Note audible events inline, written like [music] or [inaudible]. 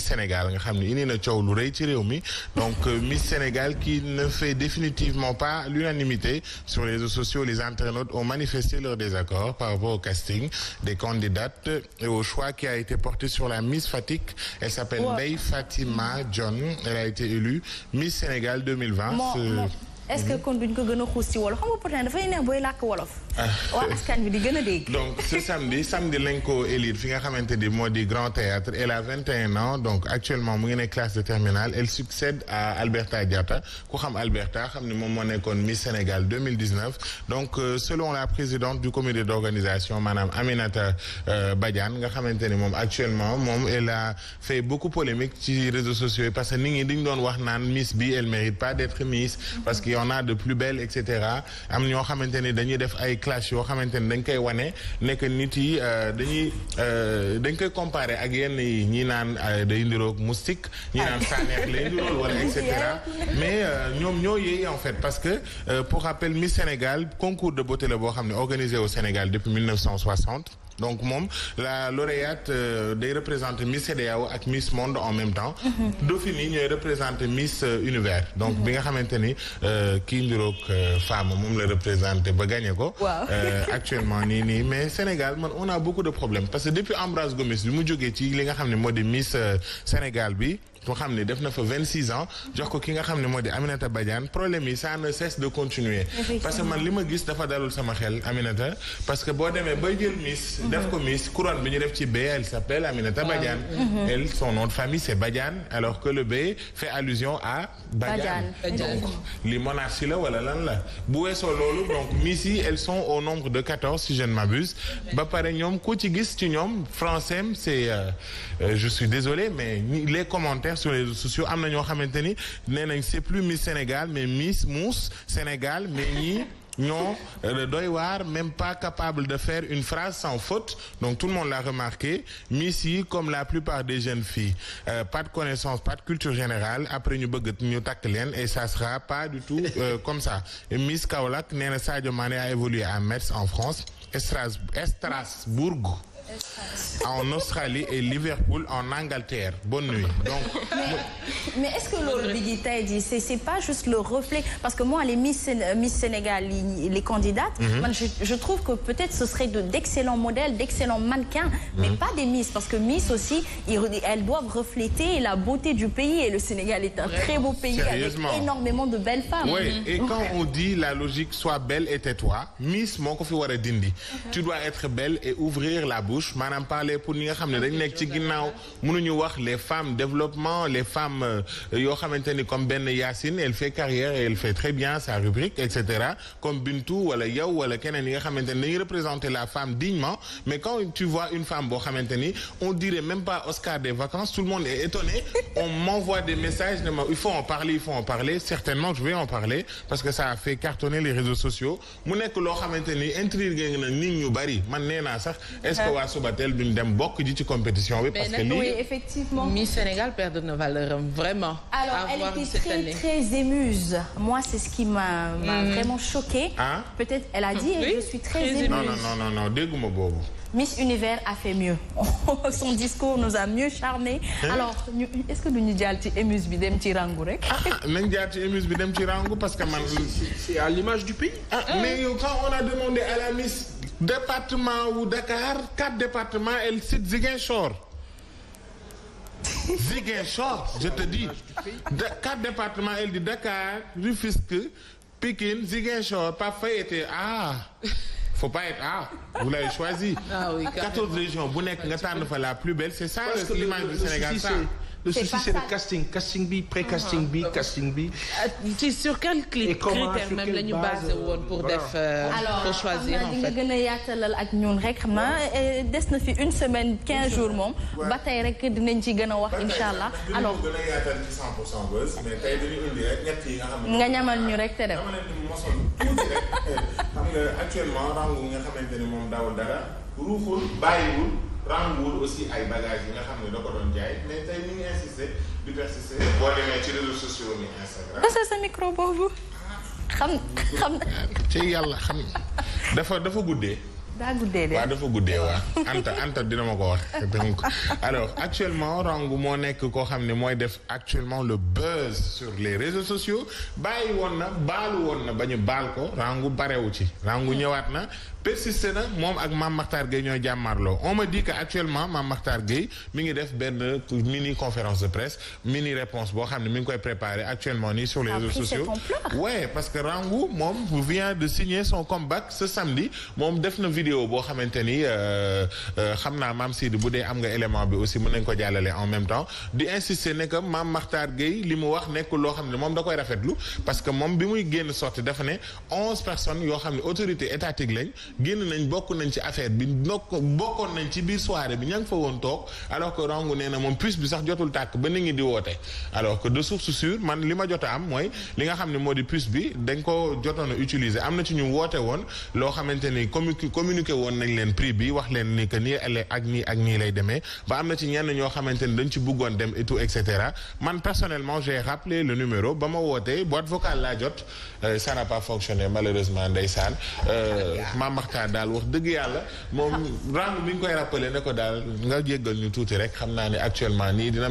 Miss Sénégal nga xam ne indi na coow lu rëy ci mi donc euh, Miss Sénégal qui ne fait définitivement pas l'unanimité sur les réseaux sociaux les internautes ont manifesté leur désaccord par rapport au casting des candidates et au choix qui a été porté sur la Miss Fatick elle s'appelle Ndeye Fatima John elle a été élue Miss Sénégal 2020 est-ce que kon duñ ko gën a xuus ci wolof xam nga pourtant dafay neex booy làkk wolof Ah. waa askan bi di gën a dégg. donc ce samedi samedi lañ ko élire fi nga xamante ni moo di grand théâtre elle a 21 ans donc actuellement mu ngi nekk classe de terminale elle succède a Alberta Diatta ku xam Alberta xam ni moom moo nekkoon Miss Sénégal 2019 donc euh, selon la présidente du comité d'organisation maanaam Aminata euh, Badiane nga xamante ni moom actuellement moom elle a fait beaucoup polémique ci réseaux sociaux yi parce que ni ngi dañu doon wax naan Miss bi elle mérite pas d'être Miss parce qu'il y ñoo xamante ni dañuy def ay clash yoo xamante ni dañ koy wane nekk nit yi euh, dañuy euh, dañ koy comparé ak yenn yi ñi naan euh, day ndiroog moustique ñi naan saaneex lay ndirool wala et [laughs] mais ñoom ñoo yéey en fait parce que pour rappel Miss Sénégal concours de beauté la boo xam ne organisé au Sénégal depuis 1960 donc moom la lauréate euh, day représenter Miss CEDEAO ak Miss Monde en même temps. Mhm. Dauphine yi ñooy représenter Miss euh, Univers. donc mhm. bi nga xamante ni euh, kii mbiroog femme moom la représenter ba gagné ko. [laughs] actuellement nii nii mais Sénégal man on a beaucoup de problèmes parce que depuis Ambroise Gomis bi mu jógee ci li nga xam ne moo di Miss Sénégal bi. boo xam ne def na fa vingt six jox ko ki nga xam ne moo di Aminata Badiane problème yi ça ne cesse de continuer parce que man li ma gis dafa dalul sama xel Aminata parce que boo demee bay jël Miss def ko Miss couronne bi ñu def ci B elle s'appelle Aminata ah. Badiane mhm. elle son nom de famille c'est Badiane alors que le B fait allusion à Badiane donc li monarchie la wala lan la bu weesoo loolu donc Miss yi elles sont au nombre de quatorze si je ne m'abuse ba pare ñoom ku ci gis ci ñoom français c'est euh, euh, je suis désolé faire sur les réseaux sociaux am na ñoo xamante ni nee nañ c'est plus Miss Sénégal mais Miss Mousse Sénégal mais ni ñoo euh, doy waar même pas capable de faire une phrase sans faute donc tout le monde l'a remarqué Miss si comme la plupart des jeunes filles euh, pas de connaissance pas de culture générale après ñu bëgg ñu takk leen et ça sera pas du tout euh, [laughs] comme ça et Miss Kaolack nee na Sadio Mané a évolué à Metz en France Stras Strasbourg en Australie et Liverpool en Angleterre bonne nuit mais, est-ce que loolu bi tey c'est pas juste le reflet parce que les Miss Miss les, candidates. Mhm. je, trouve que peut-être ce serait d'excellents modèles d'excellents mannequins. mais mhm. pas des Miss parce que Miss aussi elles doivent refléter la beauté du pays et le Sénégal est un très beau pays. avec énormément de belles femmes. et quand on dit la logique sois belle et toi Miss moo war a couches maanaam parler pour ñi nga xam ne dañ nekk ci ginnaaw mënuñu wax les femmes développement les femmes euh, yoo xamante ni comme benn Yacine elle fait carrière et elle fait très bien sa rubrique et cetera comme Bintou wala yow wala keneen yi nga xamante ni dañuy représenter la femme dignement mais quand tu vois une femme boo xamante ni on dirait même pas Oscar des vacances tout le monde est étonné on m'envoie des messages de ma il faut en parler il faut en parler certainement je vais que ça a nekk loo xamante ni intrigué na nit ñu bari man nee naa sax Subatel duñ dem bokk ji ci compétition bi. parce que lii oui, effectivement Miss Sénégal perd na valeur am vraiment. alors elle était très émuse. c'est ce qui m'a m'a hmm. vraiment choquée. ah peut-être elle a dit. je suis très émuse non non non non dégguma boobu. Miss Univers a fait mieux [laughs] son discours nous a mieux charmé alors ñu est-ce que du ñu jaar ci émuse bi dem ci rangu rek. Ah, ah, nañ jaar ci bi dem ci rangu parce que man. c'est à l'image du pays. Ah, mais yow a demandé à la Miss. département wu Dakar quatre départements elle cite Ziguinchor. [laughs] Ziguinchor je te dis quatre départements elle dit Dakar Rufisque Pikine Ziguinchor Pape Faye était ah faut pas être ah vous l'avez choisi. ah oui régions bu nekk nga tànn fa la plus belle c'est ça l'image du Sénégal ça. le souci c'est le casting casting bi pré casting ah. bi casting bi. Euh, ci sur quel critère même la ñu pour def. Euh, pour choisir en fait alors xam naa ak ñun rek xam naa na fi une semaine quinze jours moom. ba tey rek dinañ ci gën a wax incha allah. alors gën a yaatal ci 100 pour cent buzz mais tey dañu indi nga ne. nga ñamal ñu rek [laughs] nga actuellement rangu nga xamante renwul aussi ay bagages yi nga xam ne doo ko doon jaay mais tey mi ngi boo demee ci réseaux sociaux ni Instagram. parce que sa boobu. Ah. xam xam. ci yàlla xam dafa dafa guddee. daa guddee de waaw dafa guddee waa Anta Anta dina ma ko wax donc actuellement Rangou moo nekk koo xam ne mooy def actuellement le buzz sur les réseaux sociaux bàyyi woon na baalu woon na ba ñu baal ko Rangou barewu ci rangu ñëwaat na persisté na moom ak Mame Makhtar Gueye ñooy jàmmarloo on me dit que actuellement Mame Makhtar Gueye mi ngi def benn mini conférence de presse mini réponse boo xam ne mu ngi koy préparer actuellement nii sur les réseaux sociaux ouais vidéo boo xamante ni euh, euh, xam naa maam Sidi bu dee am nga élément bi aussi mën nañ ko jàllale en même temps di insister ne que maam Makhtar Gueye li mu wax nekkul loo xam ne moom yoo xam ne autorité étatique lañ génn nañ bi ndokk bokkoon nañ ci biir soirée bi ña ngi fa woon toog alors que Rangou nee na puce bi sax jotul tàkk ba ni ngi di woote alors que de source sûre man li ma jot a am mooy li nga xam ne moo di puce bi dañ ko jotoon utiliser am na ci ñu woote woon loo xamante ni commu communiqué woon nañ leen prix bi wax leen ni que nii ale ak nii ak nii lay demee ba am na ci ñenn ñoo xamante ni dañ ci bëggoon dem et tout man personnellement j'ai rappelé le numéro ba ma wootee boîte vocale laa jot euh, ça n'a pas fonctionné malheureusement ndeysaan euh, [laughs] Mame Makhtar daal wax dëgg yàlla moom [laughs] rang mi ngi koy rappelé ne ko daal nga jéggal ñu tuuti rek xam naa ne actuellement nii dina